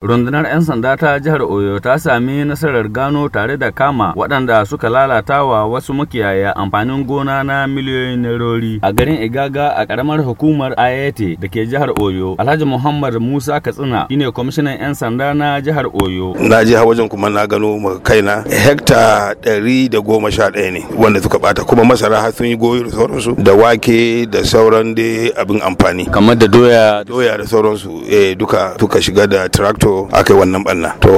Rundunar 'yan sanda ta jihar Oyo ta sami nasarar gano tare da kama waɗanda suka lalata wa wasu makiyaya amfanin gona na miliyoyin nerori a garin Igaga a ƙaramar hukumar Ayete da ke jihar Oyo. Alhaji Muhammad Musa Katsina shine kwamishinan 'yan sanda na jihar Oyo. Na je wajen kuma na gano kaina hekta ɗari da goma sha ɗaya ne wanda suka bata kuma masara har sun yi goyo da sauransu da wake da sauran dai abin amfani. Kamar da doya. Doya da sauransu eh duka suka shiga da tractor to aka yi wannan ɓanna to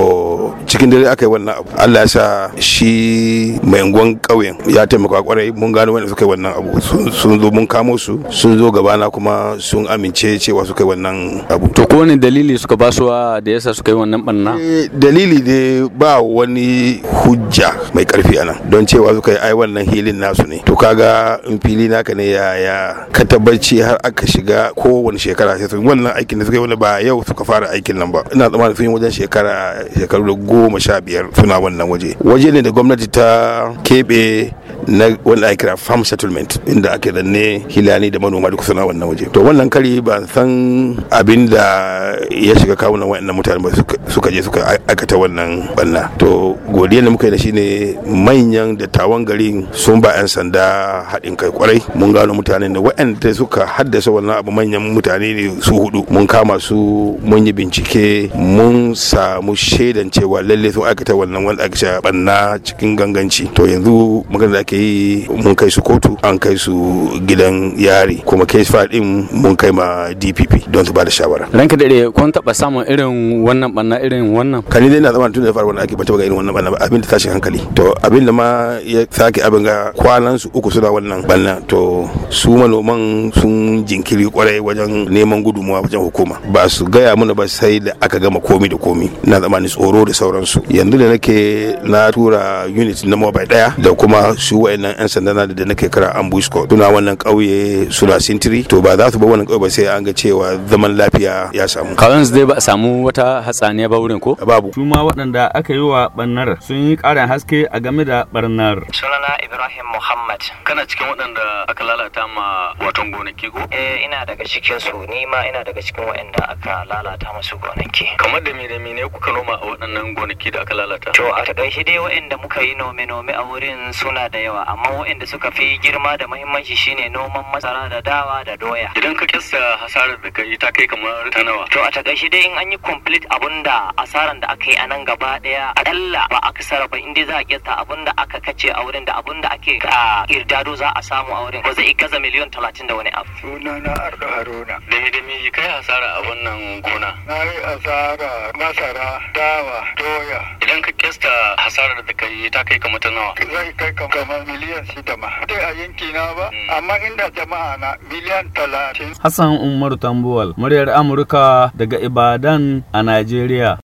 cikin dare aka yi wannan abu Allah ya sa shi mai unguwan ƙauyen ya taimaka kwarai mun gano wanda suka yi wannan abu sun zo mun kamo su sun zo gabana kuma sun amince cewa suka yi wannan abu to ko wani dalili suka ba su da yasa suka yi wannan barna eh, dalili ne ba wani hujja mai karfi anan don cewa suka yi ai wannan hilin nasu ne to kaga in fili naka ne ya ya ka tabbaci har aka shiga kowane shekara sai wannan aikin da suka yi wani ba yau suka fara aikin nan ba ina tsammanin sun yi wajen shekara shekaru goma sha biyar suna wannan waje waje ne da gwamnati ta keɓe na wanda ake kira farm settlement inda ake zanne hilani da manoma duk suna wannan waje to wannan kari ba san abin da ya shiga kawunan wayannan mutane ba suka je suka aikata wannan banna to godiyar da muka yi da ne manyan dattawan garin sun ba 'yan sanda haɗin kai kwarai mun gano mutanen da wayanda suka haddasa wannan abu manyan mutane ne su hudu mun kama su mun yi bincike mun samu shaidan cewa lalle sun aikata wannan wanda aka banna cikin ganganci to yanzu magana da aka yi mun kai su kotu an kai su gidan yari kuma case file din mun kai ma DPP don su ba da shawara ranka dare kun taba samun irin wannan banna irin wannan kani dai na zama tun da fara wannan ake bata taba ga irin wannan banna ba abin da tashin hankali to abin da ma ya sake abin ga kwanan su uku suna wannan banna to su manoman sun jinkiri kwarai wajen neman gudunmuwa wajen hukuma ba su gaya mana ba sai da aka gama komi da komi na ni tsoro da sauransu yanzu da nake na tura unit na mobile daya da kuma su wayannan yan sanda na da nake kira ambush squad suna wannan kauye suna sintiri to ba za su ba wannan kauye ba sai an ga cewa zaman lafiya ya samu kawai dai ba samu wata hatsaniya ba wurin ko babu su ma waɗanda aka yi wa barnar sun yi ƙarin haske a game da barnar sunana ibrahim muhammad kana cikin waɗanda aka lalata ma watan gonaki ko eh ina daga cikin su ni ma ina daga cikin waɗanda aka lalata musu gonaki kamar da me da me ne kuka noma a waɗannan gonaki da aka lalata to a takaice dai waɗanda muka yi nome nome a wurin suna da yawa yawa amma waɗanda suka fi girma da muhimmanci shine noman masara da dawa da doya idan ka kissa hasarar da kai ta kai kamar ta nawa to a takaice dai in an yi complete abun da asaran da aka yi a nan gaba daya akalla ba aksara ba inda za a kirta abun da aka kace a wurin da abun da ake a irdado za a samu a wurin ba zai gaza miliyon talatin da wani abu sunana arda haruna da me da kai hasara a wannan gona na yi asara masara dawa doya idan ka kesta hasarar da yi ta kai ka mutu nawa zai kai kamar miliyan shida ma a yanki na ba hmm. amma inda jama'a na miliyan talatin hassan umaru tambuwal muryar amurka daga ibadan a najeriya